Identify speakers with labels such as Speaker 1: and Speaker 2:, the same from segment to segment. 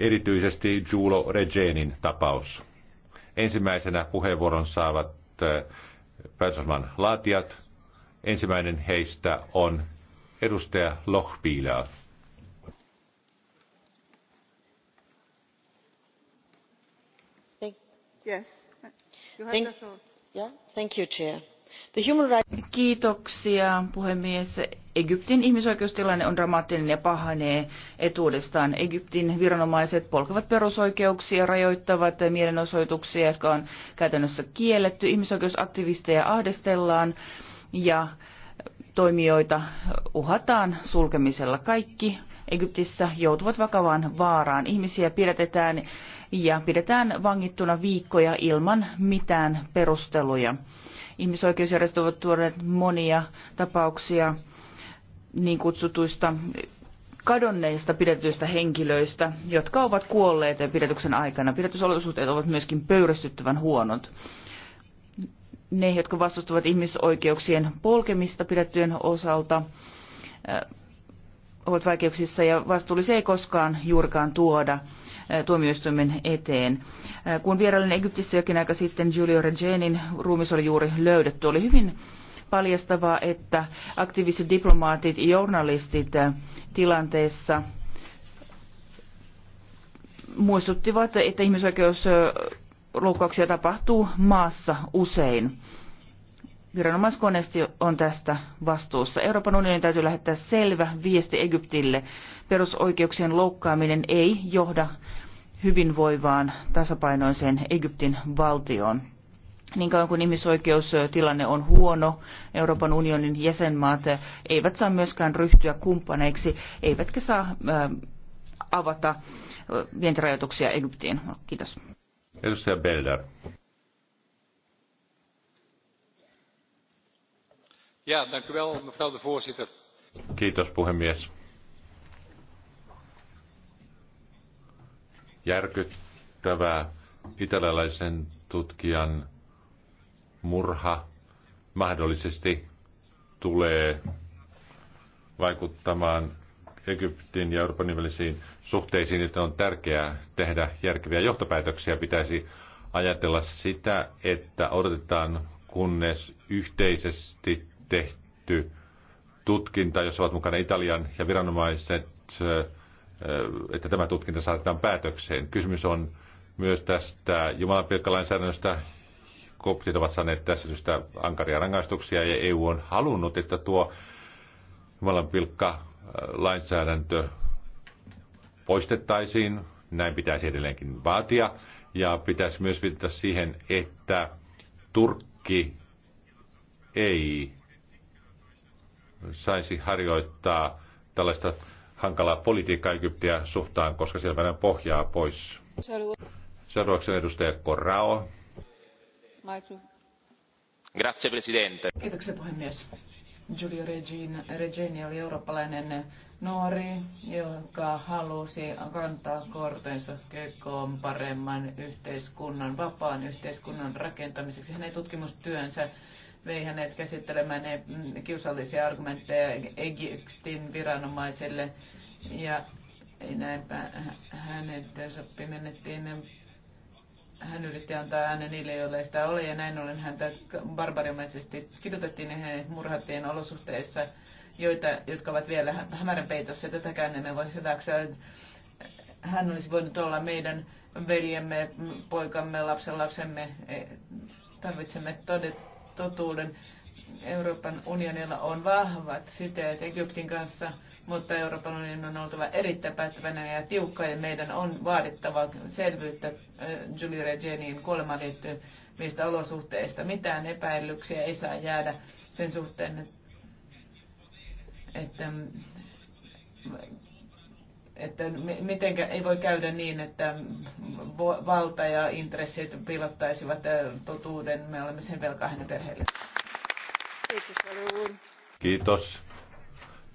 Speaker 1: erityisesti Julo Regenin tapaus. Ensimmäisenä puheenvuoron saavat eh, päätösman laatijat. Ensimmäinen heistä on edustaja Lochbieler.
Speaker 2: Kiitoksia, puhemies. Egyptin ihmisoikeustilanne on dramaattinen ja pahanee etuudestaan. Egyptin viranomaiset polkevat perusoikeuksia, rajoittavat mielenosoituksia, jotka on käytännössä kielletty. Ihmisoikeusaktivisteja ahdistellaan ja toimijoita uhataan sulkemisella. Kaikki Egyptissä joutuvat vakavaan vaaraan. Ihmisiä pidätetään ja pidetään vangittuna viikkoja ilman mitään perusteluja. Ihmisoikeusjärjestöt ovat tuoneet monia tapauksia niin kutsutuista kadonneista pidetyistä henkilöistä, jotka ovat kuolleet pidätyksen aikana. Pidätysolosuhteet ovat myöskin pöyristyttävän huonot. Ne, jotka vastustavat ihmisoikeuksien polkemista pidettyjen osalta, äh, ovat vaikeuksissa ja vastuullisia ei koskaan juurikaan tuoda äh, tuomioistuimen eteen. Äh, kun vierailin Egyptissä jokin aika sitten Giulio Regenin ruumis oli juuri löydetty, oli hyvin paljastavaa, että aktiiviset diplomaatit ja journalistit eh, tilanteessa muistuttivat, että ihmisoikeusloukkauksia tapahtuu maassa usein. Viranomaiskoneisto on tästä vastuussa. Euroopan unionin täytyy lähettää selvä viesti Egyptille. Perusoikeuksien loukkaaminen ei johda hyvinvoivaan tasapainoiseen Egyptin valtioon. Niin kauan kuin ihmisoikeustilanne on huono, Euroopan unionin jäsenmaat eivät saa myöskään ryhtyä kumppaneiksi, eivätkä saa äh, avata äh, vientirajoituksia Egyptiin. No, kiitos.
Speaker 1: Edustaja Belder. Ja, dank u wel, mevrouw de voorzitter. Kiitos puhemies. Järkyttävää italialaisen tutkijan murha mahdollisesti tulee vaikuttamaan Egyptin ja Euroopan välisiin suhteisiin, että on tärkeää tehdä järkeviä johtopäätöksiä. Pitäisi ajatella sitä, että odotetaan kunnes yhteisesti tehty tutkinta, jossa ovat mukana Italian ja viranomaiset, äh, että tämä tutkinta saatetaan päätökseen. Kysymys on myös tästä Jumalanpilkkalainsäädännöstä, koptit ovat saaneet tässä syystä ankaria rangaistuksia ja EU on halunnut, että tuo Jumalan pilkka äh, lainsäädäntö poistettaisiin. Näin pitäisi edelleenkin vaatia. Ja pitäisi myös viitata siihen, että Turkki ei saisi harjoittaa tällaista hankalaa politiikkaa Egyptiä suhtaan, koska siellä pohjaa pois. Seuraavaksi edustaja Korrao arvoisa
Speaker 3: puhemies. Giulio Regeni oli eurooppalainen nuori, joka halusi kantaa kortensa kekoon paremman yhteiskunnan, vapaan yhteiskunnan rakentamiseksi. Hänen tutkimustyönsä vei hänet käsittelemään ne mm, kiusallisia argumentteja Egyptin viranomaisille ja näinpä hänet soppi menettiin hän yritti antaa äänen niille, joille ei sitä oli, ja näin ollen häntä barbarimaisesti kidutettiin ja hänet murhattiin olosuhteissa, joita, jotka ovat vielä hämärän peitossa, ja tätäkään emme voi hyväksyä. Hän olisi voinut olla meidän veljemme, poikamme, lapsen lapsemme. E, tarvitsemme todet, totuuden. Euroopan unionilla on vahvat siteet Egyptin kanssa – mutta Euroopan unionin on oltava erittäin päättäväinen ja tiukka ja meidän on vaadittava selvyyttä äh, Julie Regenin kuolemaan liittyvistä olosuhteista. Mitään epäilyksiä ei saa jäädä sen suhteen, että että mitenkä, ei voi käydä niin, että valta ja intressit piilottaisivat äh, totuuden. Me olemme sen velkaa hänen perheelle.
Speaker 1: Kiitos.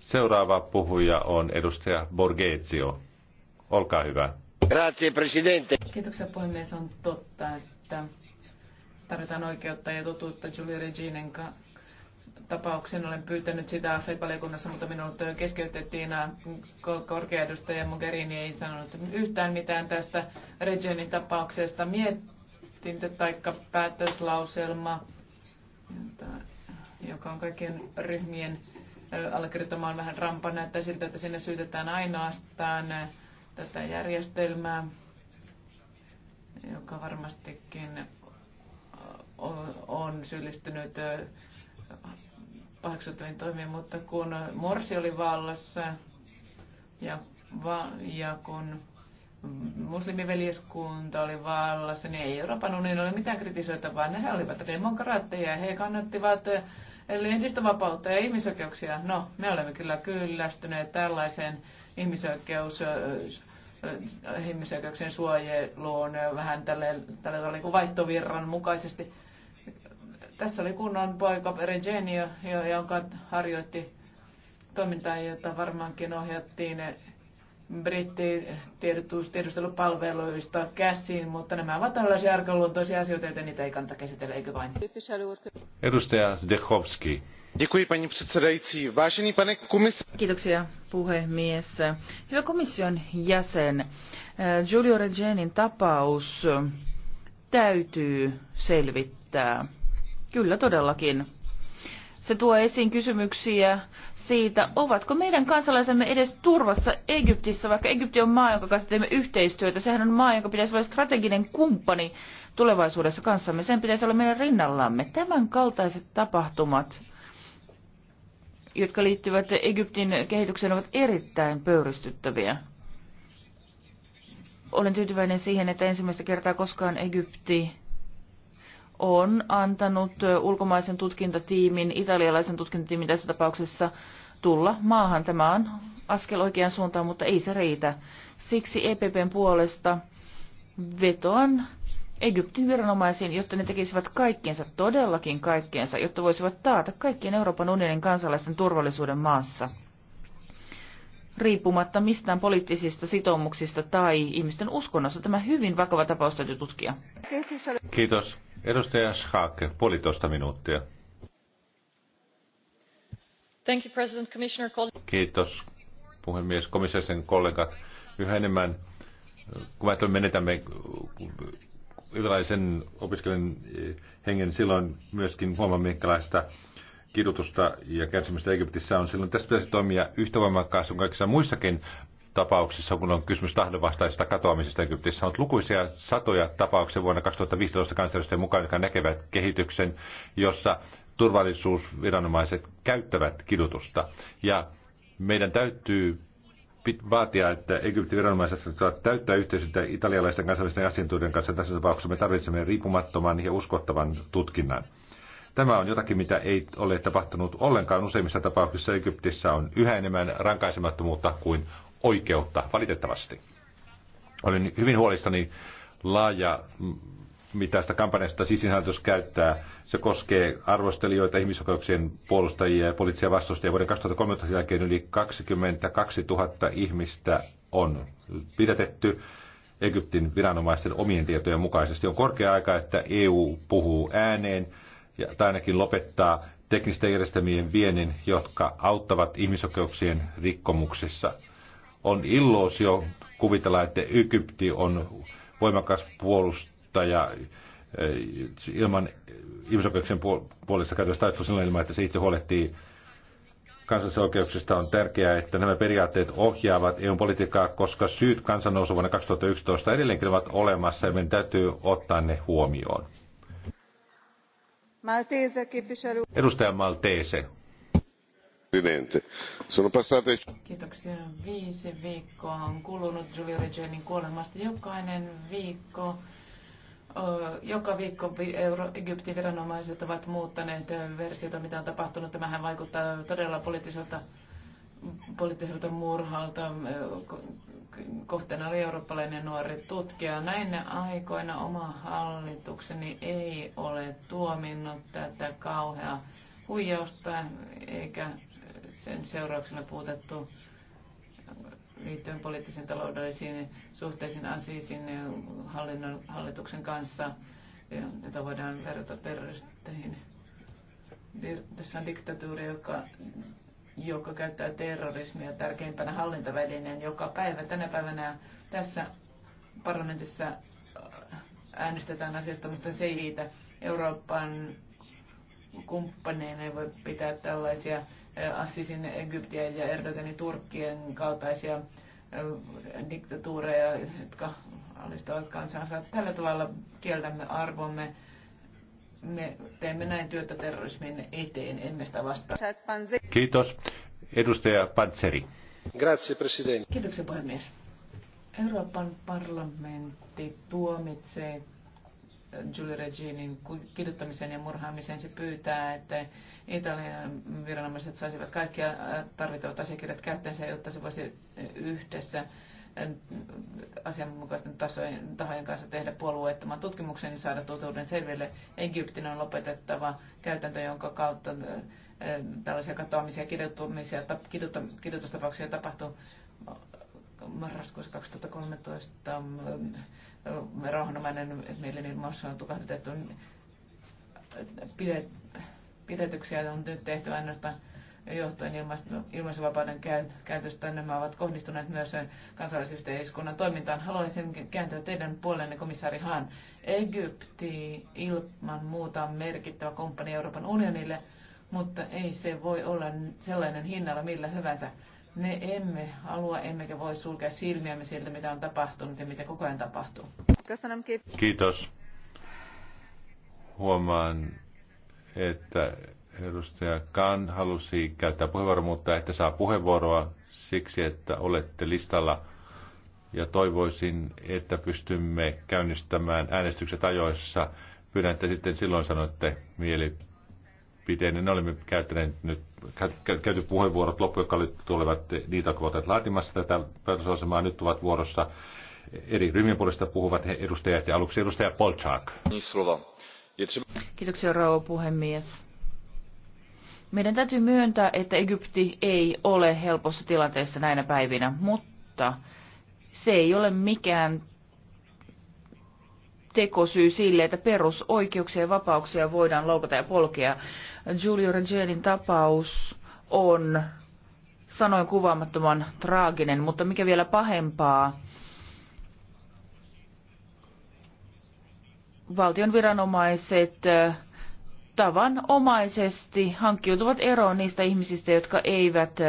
Speaker 1: Seuraava puhuja on edustaja Borgezio. Olkaa hyvä. Grazie, presidente.
Speaker 3: Kiitoksia puhemies. On totta, että tarvitaan oikeutta ja totuutta Julia Reginen tapauksen. Olen pyytänyt sitä FED-valiokunnassa, mutta minut keskeytettiin korkea edustaja Mogherini ei sanonut yhtään mitään tästä Reginin tapauksesta. Mietintö tai päätöslauselma, joka on kaikkien ryhmien allekirjoittamaan on vähän rampa. Näyttää siltä, että sinne syytetään ainoastaan tätä järjestelmää, joka varmastikin on syyllistynyt paheksuttaviin toimiin, mutta kun Morsi oli vallassa ja, va, ja kun muslimiveljeskunta oli vallassa, niin ei Euroopan unionilla ole mitään kritisoitavaa. Ne olivat demokraatteja ja he kannattivat lehdistövapautta ja ihmisoikeuksia. No, me olemme kyllä kyllästyneet tällaiseen ihmisoikeus, ihmisoikeuksien suojeluun vähän tälle, tälle oli niin kuin vaihtovirran mukaisesti. Tässä oli kunnan poika Regenio, joka harjoitti toimintaa, jota varmaankin ohjattiin brittitiedustelupalveluista käsin, mutta nämä ovat tällaisia arkaluontoisia asioita, joten niitä ei kannata käsitellä, eikö vain?
Speaker 1: Edustaja Zdechowski.
Speaker 2: Kiitoksia puhemies. Hyvä komission jäsen, eh, Giulio Regenin tapaus eh, täytyy selvittää. Kyllä todellakin. Se tuo esiin kysymyksiä siitä, ovatko meidän kansalaisemme edes turvassa Egyptissä, vaikka Egypti on maa, jonka kanssa teemme yhteistyötä. Sehän on maa, jonka pitäisi olla strateginen kumppani tulevaisuudessa kanssamme. Sen pitäisi olla meidän rinnallamme. Tämän kaltaiset tapahtumat, jotka liittyvät Egyptin kehitykseen, ovat erittäin pöyristyttäviä. Olen tyytyväinen siihen, että ensimmäistä kertaa koskaan Egypti on antanut ulkomaisen tutkintatiimin, italialaisen tutkintatiimin tässä tapauksessa tulla maahan. Tämä on askel oikeaan suuntaan, mutta ei se riitä. Siksi EPPn puolesta vetoan Egyptin viranomaisiin, jotta ne tekisivät kaikkiensa, todellakin kaikkiensa, jotta voisivat taata kaikkien Euroopan unionin kansalaisten turvallisuuden maassa. Riippumatta mistään poliittisista sitoumuksista tai ihmisten uskonnosta, tämä hyvin vakava tapaus täytyy tutkia.
Speaker 1: Kiitos. Edustaja Schaake, puolitoista minuuttia. Thank you, President, Commissioner. Kiitos, puhemies, komissaarisen kollegat. Yhä enemmän, kun ajattelen, menetämme yhdenlaisen opiskelijan eh, hengen, silloin myöskin huomaamme, minkälaista kidutusta ja kärsimystä Egyptissä on. Silloin tässä pitäisi toimia yhtä voimakkaasti kuin kaikissa muissakin tapauksissa, kun on kysymys tahdonvastaisesta katoamisesta Egyptissä, on lukuisia satoja tapauksia vuonna 2015 kansanedustajien mukaan, jotka näkevät kehityksen, jossa turvallisuusviranomaiset käyttävät kidutusta. Ja meidän täytyy vaatia, että Egyptin viranomaiset täyttää yhteistyötä italialaisten kansallisten asiantuntijoiden kanssa. Tässä tapauksessa me tarvitsemme riippumattoman ja uskottavan tutkinnan. Tämä on jotakin, mitä ei ole tapahtunut ollenkaan. Useimmissa tapauksissa Egyptissä on yhä enemmän rankaisemattomuutta kuin oikeutta, valitettavasti. Olin hyvin huolissani laaja mitä sitä kampanjasta sisinhallitus käyttää. Se koskee arvostelijoita, ihmisoikeuksien puolustajia ja poliittisia vastustajia. Vuoden 2013 jälkeen yli 22 000 ihmistä on pidätetty Egyptin viranomaisten omien tietojen mukaisesti. On korkea aika, että EU puhuu ääneen ja, tai ainakin lopettaa teknisten järjestelmien viennin, jotka auttavat ihmisoikeuksien rikkomuksissa – on illuusio kuvitella, että Egypti on voimakas puolustaja eh, ilman ihmisoikeuksien puolesta käytössä taistelussa silloin ilman, että se itse huolehtii kansallisoikeuksista on tärkeää, että nämä periaatteet ohjaavat EU politiikkaa, koska syyt kansannousu vuonna 2011 edelleenkin ovat olemassa ja meidän täytyy ottaa ne huomioon.
Speaker 3: Maltese,
Speaker 1: Edustaja Maltese presidente. Sono passate...
Speaker 3: Kiitoksia. Viisi viikkoa on kulunut Julia Regenin kuolemasta. Jokainen viikko, joka viikko Euro Egyptin viranomaiset ovat muuttaneet versiota, mitä on tapahtunut. Tämähän vaikuttaa todella poliittiselta, poliittiselta murhalta. Kohteena oli eurooppalainen nuori tutkija. Näin aikoina oma hallitukseni ei ole tuominnut tätä kauhea huijausta eikä sen seurauksena puutettu liittyen poliittisiin taloudellisiin suhteisiin asiisiin hallinnon, hallituksen kanssa, jota voidaan verrata terroristeihin. Tässä on diktatuuri, joka, joka käyttää terrorismia tärkeimpänä hallintavälineen joka päivä. Tänä päivänä tässä parlamentissa äh, äänestetään asiasta, mutta se ei liitä Euroopan kumppaneina ei voi pitää tällaisia Assisin Egyptien ja Erdoganin Turkkien kaltaisia diktatuureja, jotka alistavat kansansa. Tällä tavalla kieltämme arvomme. Me teemme näin työtä terrorismin eteen, emme sitä vastaan.
Speaker 1: Kiitos. Edustaja Pantseri. Grazie, Presidente.
Speaker 3: Kiitoksia puhemies. Euroopan parlamentti tuomitsee Julie Reginin kiduttamiseen ja murhaamiseen. Se pyytää, että Italian viranomaiset saisivat kaikki tarvittavat asiakirjat käyttöönsä, jotta se voisi yhdessä asianmukaisten tasojen, tahojen kanssa tehdä puolueettoman tutkimuksen ja saada totuuden selville. Egyptin on lopetettava käytäntö, jonka kautta tällaisia katoamisia, kiduttamisia, kidutustapauksia tapahtuu marraskuussa 2013 rauhanomainen mielenilmaus on tukahdutettu. Pidet, pidetyksiä on nyt tehty ainoastaan johtuen ilmaisuvapauden käytöstä. Nämä ovat kohdistuneet myös kansalaisyhteiskunnan toimintaan. Haluaisin kääntyä teidän puolenne, komissaari Hahn. Egypti ilman muuta on merkittävä kumppani Euroopan unionille, mutta ei se voi olla sellainen hinnalla millä hyvänsä. Me emme halua emmekä voi sulkea silmiämme siltä, mitä on tapahtunut ja mitä koko ajan tapahtuu.
Speaker 1: Kiitos. Huomaan, että edustaja Kan halusi käyttää puheenvuoron, mutta että saa puheenvuoroa siksi, että olette listalla. Ja toivoisin, että pystymme käynnistämään äänestykset ajoissa. Pyydän, että sitten silloin sanotte mielipiteen. Ne olemme käyttäneet nyt käyty puheenvuorot loppu, jotka tulevat niitä, jotka ovat laatimassa tätä päätösasemaa, nyt ovat vuorossa eri ryhmien puolesta puhuvat edustajat ja aluksi edustaja Polchak. Kiitoksia
Speaker 2: rouva puhemies. Meidän täytyy myöntää, että Egypti ei ole helpossa tilanteessa näinä päivinä, mutta se ei ole mikään tekosyy sille, että perusoikeuksia ja vapauksia voidaan loukata ja polkea. Giulio Regenin tapaus on sanoin kuvaamattoman traaginen, mutta mikä vielä pahempaa, valtion viranomaiset tavanomaisesti hankkiutuvat eroon niistä ihmisistä, jotka eivät,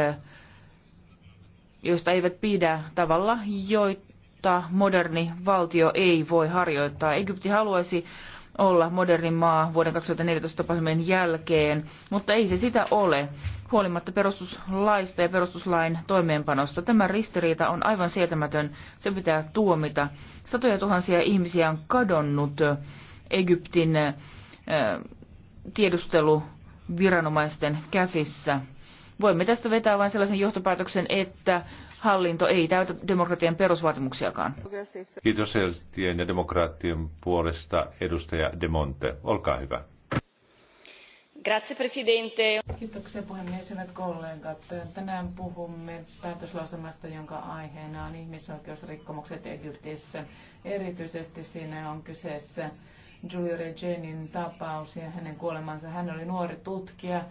Speaker 2: joista eivät pidä tavalla, joita moderni valtio ei voi harjoittaa. Egypti haluaisi olla moderni maa vuoden 2014 tapahtumien jälkeen, mutta ei se sitä ole. Huolimatta perustuslaista ja perustuslain toimeenpanosta tämä ristiriita on aivan sietämätön. Se pitää tuomita. Satoja tuhansia ihmisiä on kadonnut Egyptin äh, tiedusteluviranomaisten käsissä. Voimme tästä vetää vain sellaisen johtopäätöksen, että hallinto ei täytä demokratian perusvaatimuksiakaan.
Speaker 1: Kiitos Elstien ja demokraattien puolesta edustaja De Monte. Olkaa hyvä.
Speaker 3: Grazie Presidente. Kiitoksia puhemies, hyvät kollegat. Tänään puhumme päätöslausemasta, jonka aiheena on ihmisoikeusrikkomukset Egyptissä. Erityisesti siinä on kyseessä Giulio Regenin tapaus ja hänen kuolemansa. Hän oli nuori tutkija,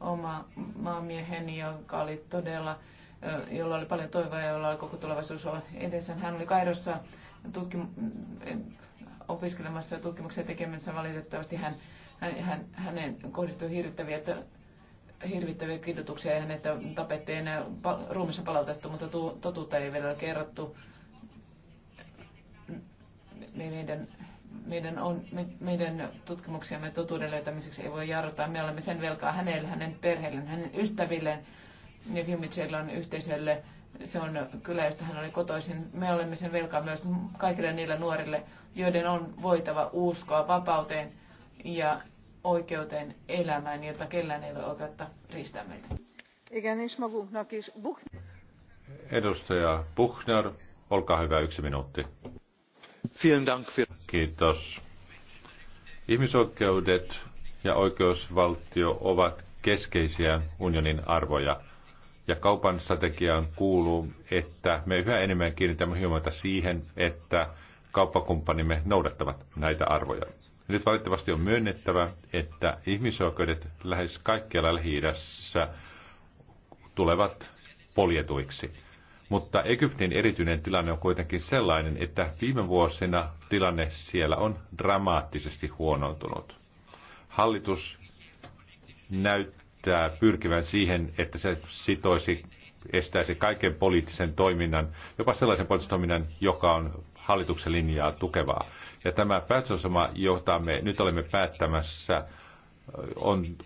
Speaker 3: oma maamieheni, joka oli todella jolla oli paljon toivoa ja jolla oli koko tulevaisuus edessä. Hän oli Kairossa tutkim- opiskelemassa ja tutkimuksia tekemässä. Valitettavasti hän, hän, hän, hänen kohdistui hirvittäviä, hirvittäviä kidutuksia ja hänet tapettiin enää ruumissa palautettu, mutta tu, totuutta ei vielä kerrottu. Meidän, meidän, on, me, meidän tutkimuksiamme totuuden löytämiseksi ei voi jarruttaa. Me olemme sen velkaa hänelle, hänen perheelleen, hänen ystävilleen ja Kimitsellä on yhteisölle. Se on kyllä, josta hän oli kotoisin. Me olemme sen velkaa myös kaikille niille nuorille, joiden on voitava uskoa vapauteen ja oikeuteen elämään, jota kellään ei ole oikeutta riistää meitä.
Speaker 1: Edustaja Buchner, olkaa hyvä, yksi minuutti. Kiitos. Ihmisoikeudet ja oikeusvaltio ovat keskeisiä unionin arvoja ja kaupan strategiaan kuuluu, että me yhä enemmän kiinnitämme huomiota siihen, että kauppakumppanimme noudattavat näitä arvoja. Nyt valitettavasti on myönnettävä, että ihmisoikeudet lähes kaikkialla lähi tulevat poljetuiksi. Mutta Egyptin erityinen tilanne on kuitenkin sellainen, että viime vuosina tilanne siellä on dramaattisesti huonontunut. Hallitus näyttää näyttää pyrkivän siihen, että se sitoisi, estäisi kaiken poliittisen toiminnan, jopa sellaisen poliittisen toiminnan, joka on hallituksen linjaa tukevaa. Ja tämä päätösosama, jota me nyt olemme päättämässä, on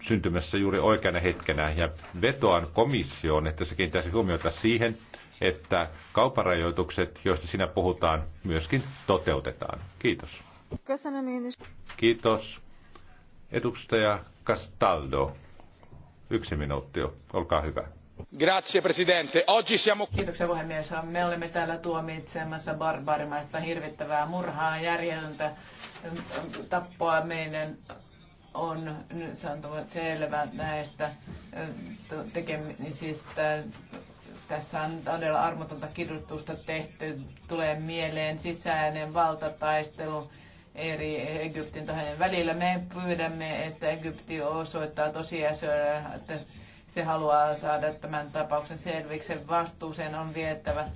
Speaker 1: syntymässä juuri oikeana hetkenä. Ja vetoan komissioon, että se kiinnittäisi huomiota siihen, että kauparajoitukset, joista sinä puhutaan, myöskin toteutetaan. Kiitos. Kiitos. Edustaja Castaldo. Yksi minuutti, olkaa hyvä. Grazie presidente.
Speaker 3: Oggi siamo... Kiitoksia puhemies. Me olemme täällä tuomitsemassa barbarimaista hirvittävää murhaa, järjetöntä ähm, tappoa meidän on nyt selvä näistä ähm, tekemisistä. Tässä on todella armotonta kidutusta tehty. Tulee mieleen sisäinen valtataistelu eri Egyptin tahojen välillä. Me pyydämme, että Egypti osoittaa tosiasioita, että se haluaa saada tämän tapauksen selviksi. vastuuseen on viettävä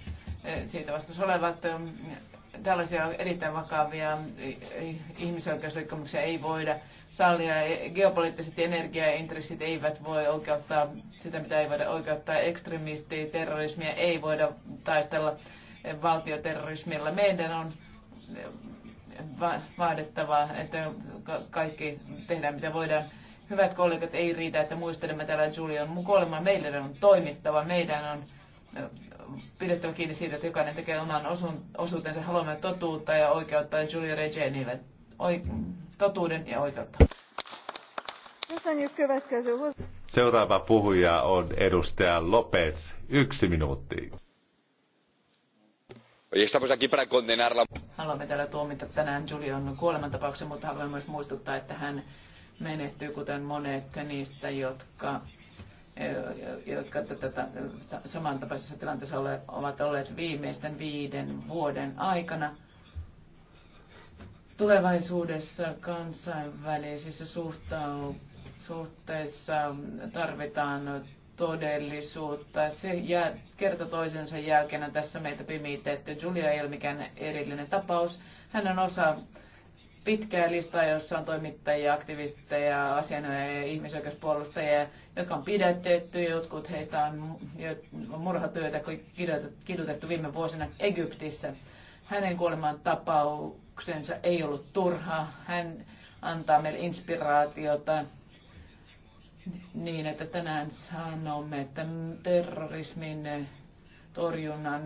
Speaker 3: e, siitä vastuussa olevat tällaisia erittäin vakavia e, ihmisoikeusrikkomuksia ei voida sallia. E, geopoliittiset energiaintressit eivät voi oikeuttaa sitä, mitä ei voida oikeuttaa. Ekstremistiä, terrorismia ei voida taistella valtioterrorismilla. Meidän on vaadettava, että kaikki tehdään mitä voidaan. Hyvät kollegat, ei riitä, että muistelemme täällä Julian kuolema. Meidän on toimittava, meidän on pidettävä kiinni siitä, että jokainen tekee oman osuutensa. Haluamme totuutta ja oikeutta ja Julia Regenille totuuden ja oikeutta.
Speaker 1: Seuraava puhuja on edustaja Lopez. Yksi minuutti.
Speaker 3: Haluamme täällä tuomita tänään Julian kuolemantapauksen, mutta haluamme myös muistuttaa, että hän menehtyy, kuten monet niistä, jotka e, jotka tätä samantapaisessa tilanteessa ole, ovat olleet viimeisten viiden vuoden aikana. Tulevaisuudessa kansainvälisissä suhteissa tarvitaan todellisuutta. Se jää, kerta toisensa jälkeen on tässä meitä pimitetty. Julia ei ole mikään erillinen tapaus. Hän on osa pitkää listaa, jossa on toimittajia, aktivisteja, asianajajia ja ihmisoikeuspuolustajia, jotka on pidätetty. Jotkut heistä on murhatyötä kidutettu viime vuosina Egyptissä. Hänen kuoleman tapauksensa ei ollut turha. Hän antaa meille inspiraatiota niin, että tänään sanomme, että terrorismin torjunnan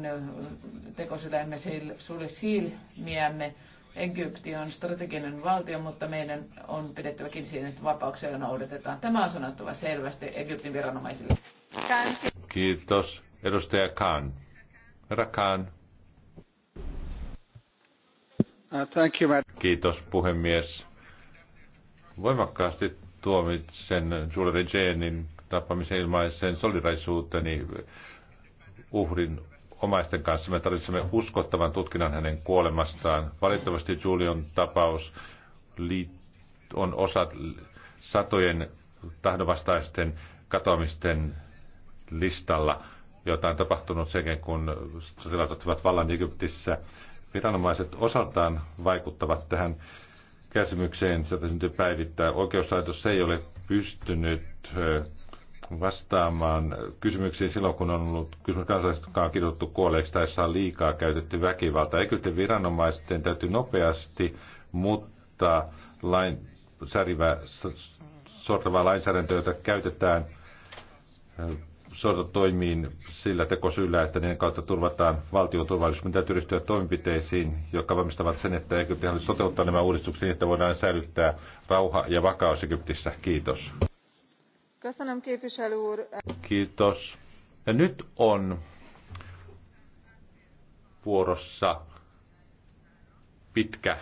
Speaker 3: tekosilla emme sulle silmiämme. Egypti on strateginen valtio, mutta meidän on pidettäväkin siinä, että vapauksia noudatetaan. Tämä on sanottava selvästi Egyptin viranomaisille.
Speaker 1: Kiitos. Edustaja Khan. Herra Khan. Uh, Kiitos puhemies. Voimakkaasti tuomitsen Jules Regenin tappamisen ilmaisen solidaisuuteni uhrin omaisten kanssa. Me tarvitsemme uskottavan tutkinnan hänen kuolemastaan. Valitettavasti Julian tapaus on osa satojen tahdonvastaisten katoamisten listalla, jota on tapahtunut sekin, kun sotilaat ottivat vallan Egyptissä. Viranomaiset osaltaan vaikuttavat tähän kärsimykseen, jota syntyy päivittää. Oikeuslaitos ei ole pystynyt vastaamaan kysymyksiin silloin, kun on ollut kysymys kansalaisista, on kiduttu kuolleeksi tai saa liikaa käytetty väkivaltaa. Egyptin viranomaisten täytyy nopeasti mutta lain, särivä, sortavaa lainsäädäntöä, jota käytetään sorto toimiin sillä tekosyllä, että niiden kautta turvataan valtion turvallisuus. Meidän täytyy ryhtyä toimenpiteisiin, jotka varmistavat sen, että Egypti haluaisi toteuttaa nämä uudistukset niin, että voidaan säilyttää rauha ja vakaus Egyptissä. Kiitos. Kiitos. Ja nyt on vuorossa pitkä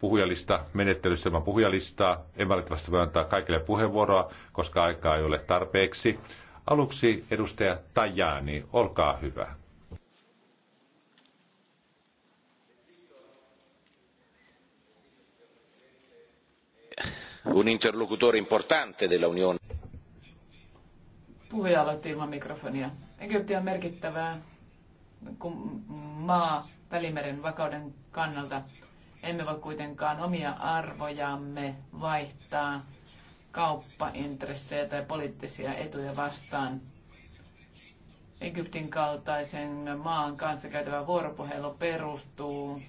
Speaker 1: puhujalista, menettelyssä ilman puhujalistaa. En valitettavasti voi antaa kaikille puheenvuoroa, koska aikaa ei ole tarpeeksi. Aluksi edustaja Tajani, olkaa hyvä. Un interlocutore importante Unione.
Speaker 3: Puhuja aloitti ilman mikrofonia. Egypti on merkittävää maa Välimeren vakauden kannalta. Emme voi kuitenkaan omia arvojamme vaihtaa kauppaintressejä tai poliittisia etuja vastaan. Egyptin kaltaisen maan kanssa käytävä vuoropuhelu perustuu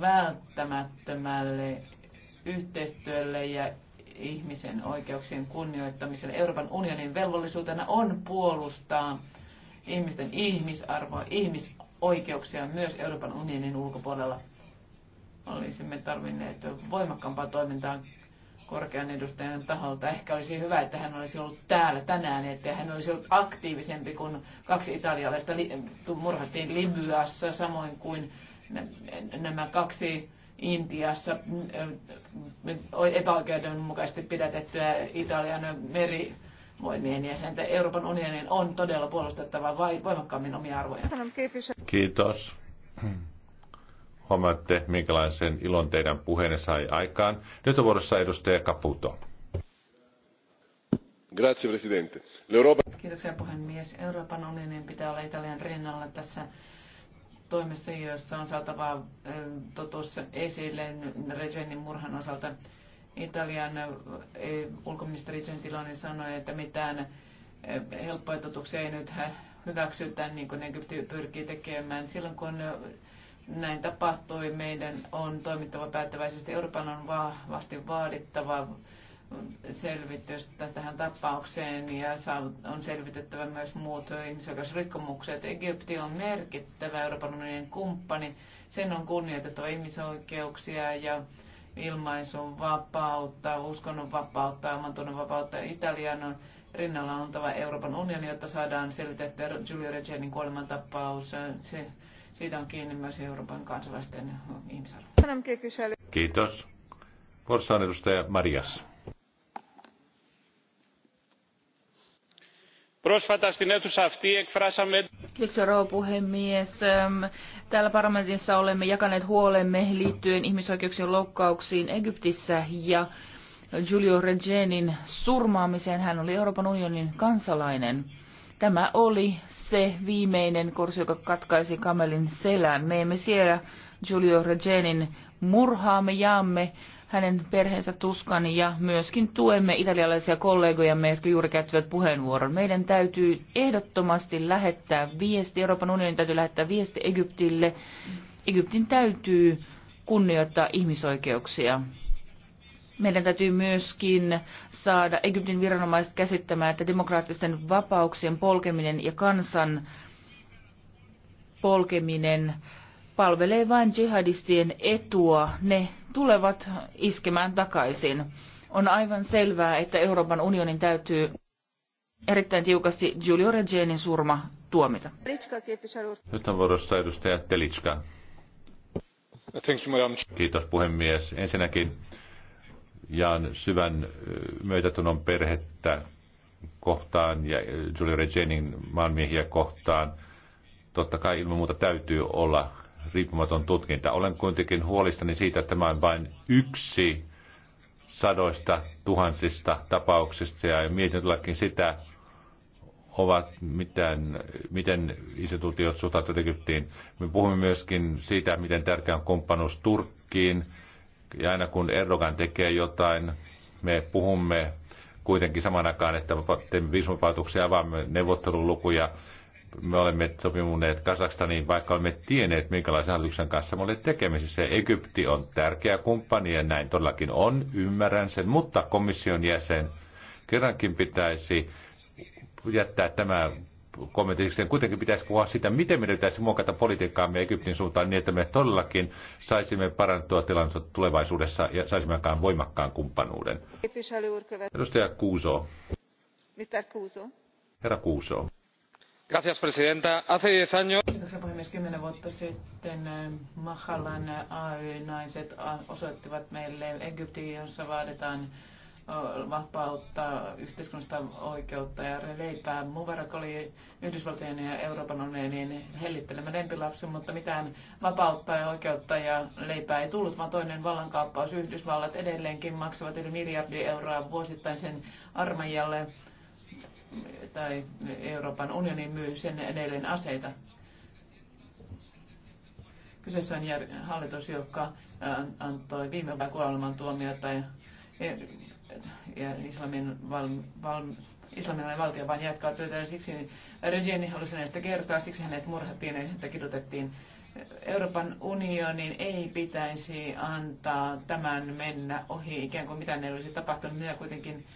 Speaker 3: välttämättömälle yhteistyölle ja ihmisen oikeuksien kunnioittamiselle. Euroopan unionin velvollisuutena on puolustaa ihmisten ihmisarvoa, ihmisoikeuksia myös Euroopan unionin ulkopuolella. Olisimme tarvinneet voimakkaampaa toimintaa korkean edustajan taholta. Ehkä olisi hyvä, että hän olisi ollut täällä tänään, että hän olisi ollut aktiivisempi, kun kaksi italialaista murhattiin Libyassa, samoin kuin nämä kaksi Intiassa mm, epäoikeudenmukaisesti pidätettyä Italian meri voimien jäsentä. Euroopan unionin on todella puolustettava voimakkaammin omia arvoja.
Speaker 1: Kiitos huomaatte, minkälaisen ilon teidän puheenne sai aikaan. Nyt on vuorossa edustaja Caputo. Grazie, Presidente.
Speaker 3: Kiitoksia puhemies. Euroopan unionin pitää olla Italian rinnalla tässä toimessa, jossa on saatava totuus esille Regenin murhan osalta. Italian ulkoministeri Gentiloni sanoi, että mitään helppoja totuuksia ei nyt hyväksytä, niin kuin Egypti pyrkii tekemään. Silloin kun näin tapahtui. Meidän on toimittava päättäväisesti. Euroopan on vahvasti vaadittava selvitystä tähän tapaukseen ja on selvitettävä myös muut ihmisoikeusrikkomukset. Egypti on merkittävä Euroopan unionin kumppani. Sen on kunnioitettava ihmisoikeuksia ja ilmaisun vapautta, uskonnon vapautta, omantunnon vapautta. Italian on rinnalla oltava Euroopan unioni, jotta saadaan selvitettyä Giulio Regenin kuolemantapaus. Se siitä on kiinni myös Euroopan kansalaisten ihmisarvo.
Speaker 1: Kiitos. Porsaan edustaja Marias.
Speaker 2: Kiitos rouva puhemies. Täällä parlamentissa olemme jakaneet huolemme liittyen ihmisoikeuksien loukkauksiin Egyptissä ja Giulio Regenin surmaamiseen. Hän oli Euroopan unionin kansalainen. Tämä oli se viimeinen kurssi, joka katkaisi kamelin selän. Me emme siellä Giulio Regenin murhaa, me jaamme hänen perheensä tuskan ja myöskin tuemme italialaisia kollegojamme, jotka juuri käyttivät puheenvuoron. Meidän täytyy ehdottomasti lähettää viesti, Euroopan unionin täytyy lähettää viesti Egyptille. Egyptin täytyy kunnioittaa ihmisoikeuksia. Meidän täytyy myöskin saada Egyptin viranomaiset käsittämään, että demokraattisten vapauksien polkeminen ja kansan polkeminen palvelee vain jihadistien etua. Ne tulevat iskemään takaisin. On aivan selvää, että Euroopan unionin täytyy erittäin tiukasti Giulio Regenin surma tuomita.
Speaker 1: Nyt on vuorossa edustaja Telitska. Kiitos puhemies. Ensinnäkin jaan syvän myötätunnon perhettä kohtaan ja Julie Regenin maanmiehiä kohtaan. Totta kai ilman muuta täytyy olla riippumaton tutkinta. Olen kuitenkin huolistani siitä, että tämä on vain yksi sadoista tuhansista tapauksista ja mietin sitä, ovat, miten, miten instituutiot suhtautuvat Egyptiin. Me puhumme myöskin siitä, miten tärkeä on kumppanuus Turkkiin – ja aina kun Erdogan tekee jotain, me puhumme kuitenkin saman aikaan, että teemme viisumipäätöksiä, avaamme neuvottelulukuja. Me olemme sopimuneet Kazakstaniin, vaikka olemme tienneet, minkälaisen hallituksen kanssa me olemme tekemisissä. Egypti on tärkeä kumppani ja näin todellakin on, ymmärrän sen, mutta komission jäsen kerrankin pitäisi jättää tämä kommentiksi. Kuitenkin pitäisi puhua sitä, miten meidän pitäisi muokata politiikkaamme Egyptin suuntaan niin, että me todellakin saisimme parantua tilannetta tulevaisuudessa ja saisimme aikaan voimakkaan kumppanuuden. Edustaja Kuuso.
Speaker 3: Mr. Kuuso.
Speaker 1: Herra Kuuso. Gracias, presidenta. Hace diez años...
Speaker 3: Kiitoksia puhemies. Kymmenen vuotta sitten äh, Mahalan äh, AY-naiset äh, osoittivat meille Egyptiin, jossa vaaditaan vapautta, yhteiskunnallista oikeutta ja leipää. Mubarak oli Yhdysvaltojen ja Euroopan unionin hellittelemän lempilapsi, mutta mitään vapautta ja oikeutta ja leipää ei tullut, vaan toinen vallankaappaus. Yhdysvallat edelleenkin maksavat yli miljardi euroa vuosittain sen armeijalle tai Euroopan unioni myy sen edelleen aseita. Kyseessä on hallitus, joka antoi viime vuonna kuolemantuomiota ja ja islamin valmi, islamilainen valtio vain jatkaa työtä. Siksi Regeni halusi näistä kertoa, siksi hänet murhattiin ja häntä kidutettiin. Euroopan unionin ei pitäisi antaa tämän mennä ohi, ikään kuin mitään ne olisi tapahtunut. Minä kuitenkin,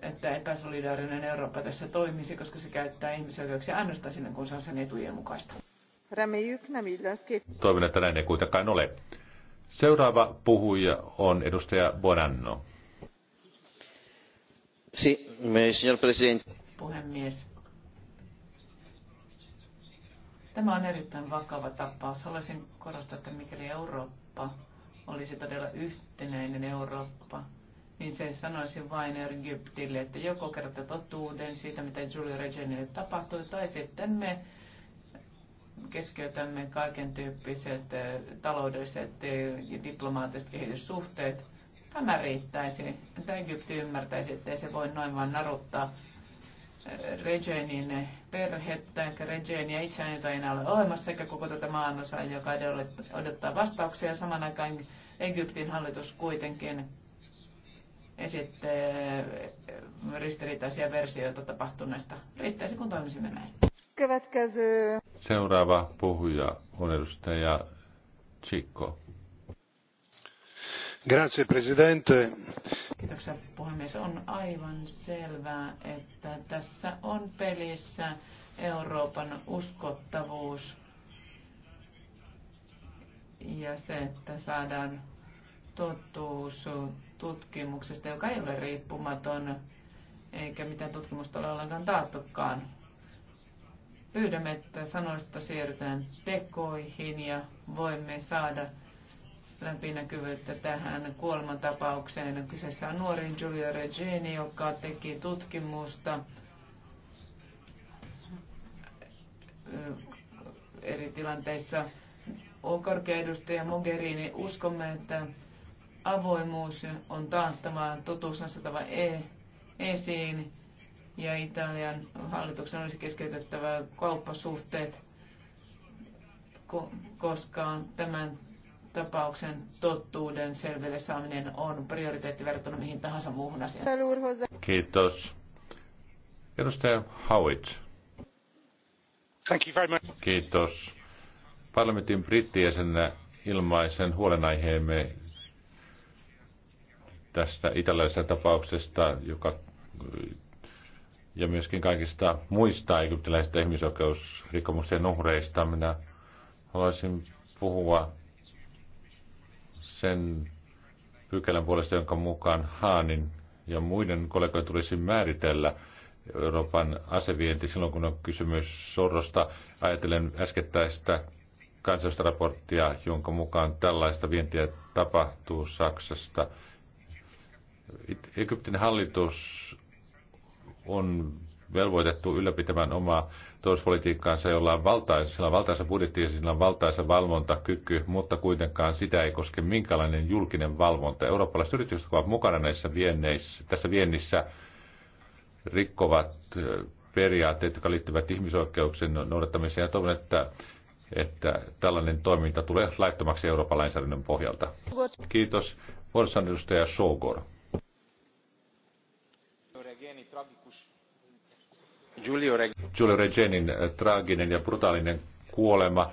Speaker 3: että epäsolidaarinen Eurooppa tässä toimisi, koska se käyttää ihmisoikeuksia ainoastaan sinne, kun se on sen etujen mukaista.
Speaker 1: Toivon, että näin ei kuitenkaan ole. Seuraava puhuja on edustaja Bonanno arvoisa
Speaker 3: Puhemies. Tämä on erittäin vakava tapaus. Haluaisin korostaa, että mikäli Eurooppa olisi todella yhtenäinen Eurooppa, niin se sanoisi vain Egyptille, että joko kerta totuuden siitä, mitä Julia Regenille tapahtui, tai sitten me keskeytämme kaiken tyyppiset eh, taloudelliset eh, ja diplomaattiset kehityssuhteet Tämä riittäisi, että Egypti ymmärtäisi, ettei se voi noin vain naruttaa eh, Regenin perhettä, eikä Regenia itseään, jota ei enää ole olemassa, sekä koko tätä maanosaa, joka odottaa vastauksia. Saman aikaan Egyptin hallitus kuitenkin esittää eh, ristiriitaisia versioita tapahtuneesta. Riittäisi, kun toimisimme näin.
Speaker 1: Seuraava puhuja on edustaja Chico arvoisa
Speaker 3: Kiitoksia puhemies. On aivan selvää, että tässä on pelissä Euroopan uskottavuus ja se, että saadaan totuus tutkimuksesta, joka ei ole riippumaton eikä mitään tutkimusta ole ollenkaan taattukaan. Pyydämme, että sanoista siirrytään tekoihin ja voimme saada läpinäkyvyyttä tähän kuolemantapaukseen. Kyseessä on nuori Giulia Regeni, joka teki tutkimusta eri tilanteissa. On korkea edustaja Mogherini. Uskomme, että avoimuus on taattava, totuus on saatava e- esiin ja Italian hallituksen olisi keskeytettävä kauppasuhteet, koska tämän tapauksen tottuuden selville saaminen on prioriteetti verrattuna mihin tahansa muuhun asiaan.
Speaker 1: Kiitos. Edustaja Howitt. Thank you very much. Kiitos. Parlamentin brittiäisenä ilmaisen huolenaiheemme tästä italialaisesta tapauksesta, joka ja myöskin kaikista muista egyptiläisistä ihmisoikeusrikomuksen uhreista. Minä haluaisin puhua sen pykälän puolesta, jonka mukaan Haanin ja muiden kollegojen tulisi määritellä Euroopan asevienti silloin, kun on kysymys sorrosta. ajatelen äskettäistä kansallista raporttia, jonka mukaan tällaista vientiä tapahtuu Saksasta. Egyptin hallitus on velvoitettu ylläpitämään omaa talouspolitiikkaansa, jolla on valtaisa, sillä valtaisa budjetti ja sillä on valtaisa valvontakyky, mutta kuitenkaan sitä ei koske minkälainen julkinen valvonta. Eurooppalaiset yritykset, ovat mukana näissä vienneissä, tässä viennissä, rikkovat periaatteet, jotka liittyvät ihmisoikeuksien noudattamiseen. Ja toivon, että, että tällainen toiminta tulee laittomaksi Euroopan lainsäädännön pohjalta. Kiitos. Vuorossa edustaja Sogor. Giulio, Reg- Giulio Regenin eh, traaginen ja brutaalinen kuolema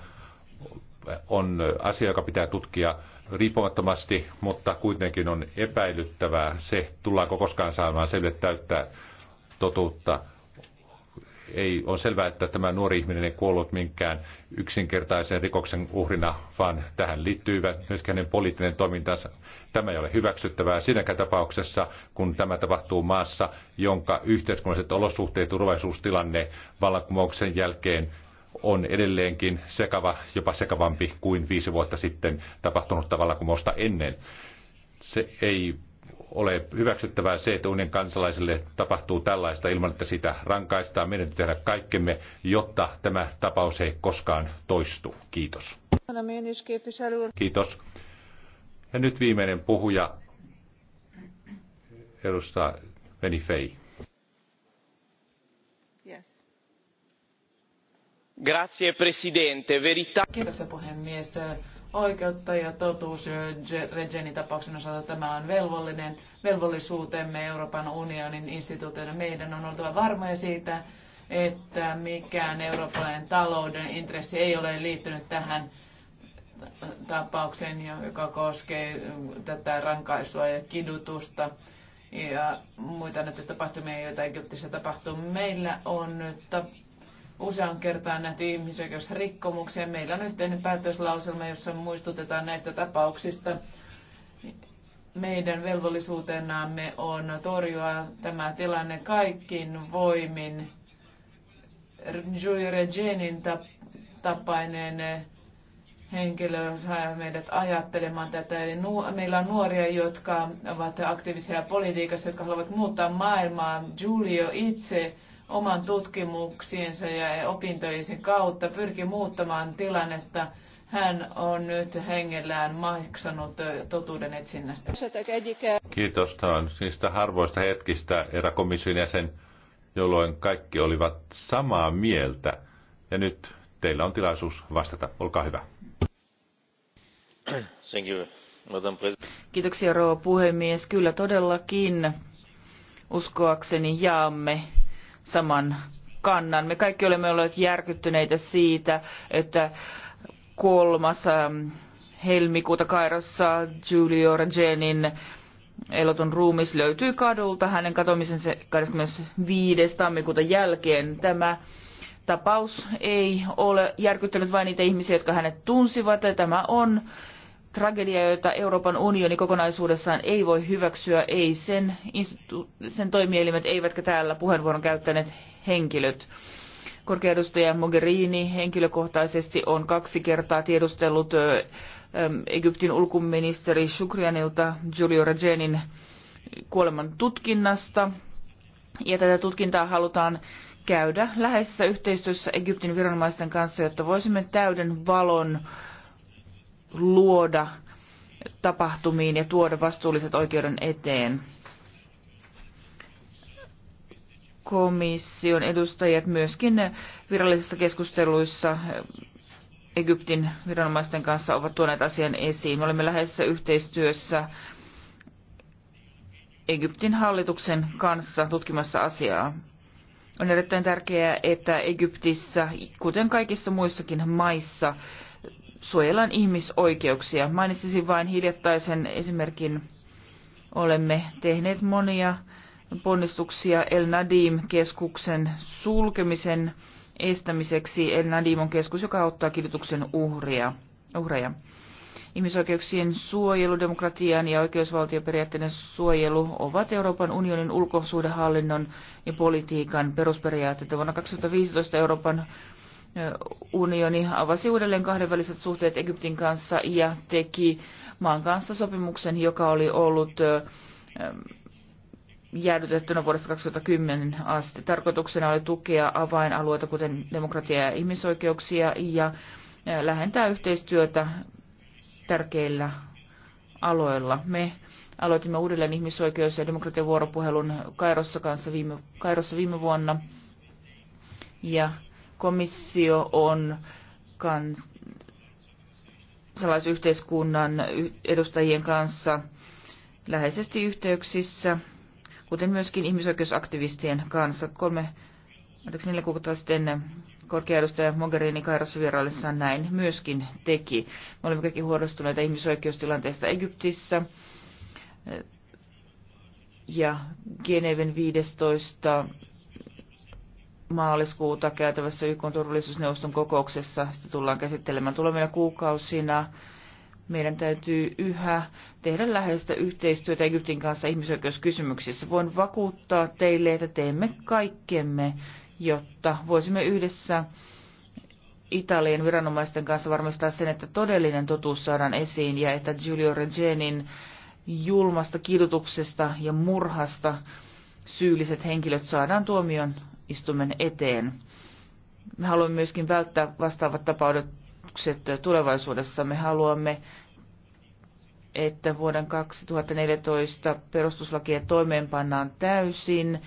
Speaker 1: on eh, asia, joka pitää tutkia riippumattomasti, mutta kuitenkin on epäilyttävää se, tullaanko koskaan saamaan selville täyttää totuutta ei, on selvää, että tämä nuori ihminen ei kuollut minkään yksinkertaisen rikoksen uhrina, vaan tähän liittyy myös hänen poliittinen toimintansa. Tämä ei ole hyväksyttävää siinäkään tapauksessa, kun tämä tapahtuu maassa, jonka yhteiskunnalliset olosuhteet ja turvallisuustilanne vallankumouksen jälkeen on edelleenkin sekava, jopa sekavampi kuin viisi vuotta sitten tapahtunutta vallankumousta ennen. Se ei ole hyväksyttävää se, että unionin kansalaisille tapahtuu tällaista ilman, että sitä rankaistaan. Meidän tehdä kaikkemme, jotta tämä tapaus ei koskaan toistu. Kiitos. Kiitos. Ja nyt viimeinen puhuja, edustaa Veni Fei.
Speaker 3: Grazie Presidente. Verità... Kiitos, puhemies oikeutta ja totuus Regenin tapauksen osalta tämä on velvollinen, velvollisuutemme Euroopan unionin instituutioiden. Meidän on oltava varmoja siitä, että mikään eurooppalainen talouden intressi ei ole liittynyt tähän tapaukseen, joka koskee tätä rankaisua ja kidutusta ja muita näitä tapahtumia, joita Egyptissä tapahtuu. Meillä on nyt usean kertaan nähty ihmisoikeusrikkomuksia. Meillä on yhteinen päätöslauselma, jossa muistutetaan näistä tapauksista. Meidän velvollisuutenamme on torjua tämä tilanne kaikkin voimin. Giulio Regenin tapainen henkilö saa meidät ajattelemaan tätä. Eli meillä on nuoria, jotka ovat aktiivisia politiikassa, jotka haluavat muuttaa maailmaa. Julio itse oman tutkimuksiensa ja opintojensa kautta pyrki muuttamaan tilannetta. Hän on nyt hengellään maksanut totuuden etsinnästä. Kiitos.
Speaker 1: Tämä on niistä harvoista hetkistä eräkomission jäsen, jolloin kaikki olivat samaa mieltä. Ja nyt teillä on tilaisuus vastata. Olkaa hyvä. Thank you,
Speaker 2: Kiitoksia rouva puhemies. Kyllä todellakin uskoakseni jaamme saman kannan. Me kaikki olemme olleet järkyttyneitä siitä, että kolmas ähm, helmikuuta Kairossa Giulio Regenin eloton ruumis löytyy kadulta hänen katomisensa 25. tammikuuta jälkeen. Tämä tapaus ei ole järkyttänyt vain niitä ihmisiä, jotka hänet tunsivat. Tämä on tragedia, jota Euroopan unioni kokonaisuudessaan ei voi hyväksyä, ei sen, sen toimielimet eivätkä täällä puheenvuoron käyttäneet henkilöt. Korkeudustaja Mogherini henkilökohtaisesti on kaksi kertaa tiedustellut Egyptin ulkoministeri Shukrianilta Giulio Regenin kuoleman tutkinnasta. Ja tätä tutkintaa halutaan käydä läheisessä yhteistyössä Egyptin viranomaisten kanssa, jotta voisimme täyden valon luoda tapahtumiin ja tuoda vastuulliset oikeuden eteen. Komission edustajat myöskin virallisissa keskusteluissa Egyptin viranomaisten kanssa ovat tuoneet asian esiin. Me olemme läheisessä yhteistyössä Egyptin hallituksen kanssa tutkimassa asiaa. On erittäin tärkeää, että Egyptissä, kuten kaikissa muissakin maissa, suojellaan ihmisoikeuksia. Mainitsisin vain hiljattaisen esimerkin. Olemme tehneet monia ponnistuksia El Nadim-keskuksen sulkemisen estämiseksi. El Nadim on keskus, joka auttaa kidutuksen uhria, uhreja. Ihmisoikeuksien suojelu, demokratian ja oikeusvaltioperiaatteiden suojelu ovat Euroopan unionin ulkosuhdehallinnon ja politiikan perusperiaatteita. Vuonna 2015 Euroopan unioni avasi uudelleen kahdenväliset suhteet Egyptin kanssa ja teki maan kanssa sopimuksen, joka oli ollut jäädytettynä vuodesta 2010 asti. Tarkoituksena oli tukea avainalueita, kuten demokratia ja ihmisoikeuksia, ja lähentää yhteistyötä tärkeillä aloilla. Me aloitimme uudelleen ihmisoikeus- ja demokratiavuoropuhelun Kairossa, kanssa viime, Kairossa viime vuonna, ja komissio on kansalaisyhteiskunnan edustajien kanssa läheisesti yhteyksissä, kuten myöskin ihmisoikeusaktivistien kanssa. Kolme, anteeksi, neljä kuukautta sitten korkea edustaja Mogherini Kairossa vieraillessaan näin myöskin teki. Me olemme kaikki huolestuneita ihmisoikeustilanteesta Egyptissä ja Geneven 15 maaliskuuta käytävässä YK turvallisuusneuvoston kokouksessa. Sitä tullaan käsittelemään tulevina kuukausina. Meidän täytyy yhä tehdä läheistä yhteistyötä Egyptin kanssa ihmisoikeuskysymyksissä. Voin vakuuttaa teille, että teemme kaikkemme, jotta voisimme yhdessä Italian viranomaisten kanssa varmistaa sen, että todellinen totuus saadaan esiin ja että Giulio Regenin julmasta kidutuksesta ja murhasta syylliset henkilöt saadaan tuomion tuomioistuimen eteen. Me haluamme myöskin välttää vastaavat tapaudukset tulevaisuudessa. Me haluamme, että vuoden 2014 perustuslakia toimeenpannaan täysin,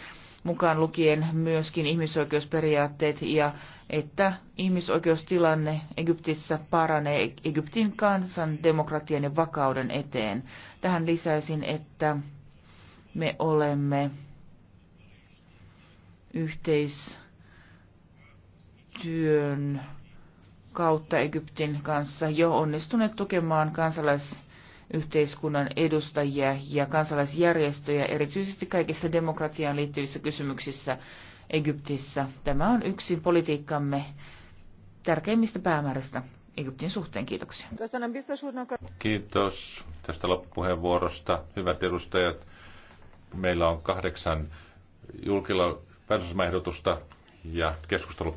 Speaker 2: mukaan lukien myöskin ihmisoikeusperiaatteet ja että ihmisoikeustilanne Egyptissä paranee Egyptin kansan, demokratian ja vakauden eteen. Tähän lisäisin, että me olemme yhteistyön kautta Egyptin kanssa jo onnistuneet tukemaan kansalaisyhteiskunnan edustajia ja kansalaisjärjestöjä, erityisesti kaikissa demokratiaan liittyvissä kysymyksissä Egyptissä. Tämä on yksi politiikkamme tärkeimmistä päämääristä Egyptin suhteen. Kiitoksia.
Speaker 1: Kiitos tästä loppupuheenvuorosta. Hyvät edustajat, meillä on kahdeksan julkila päätösmahdotusta ja keskustelu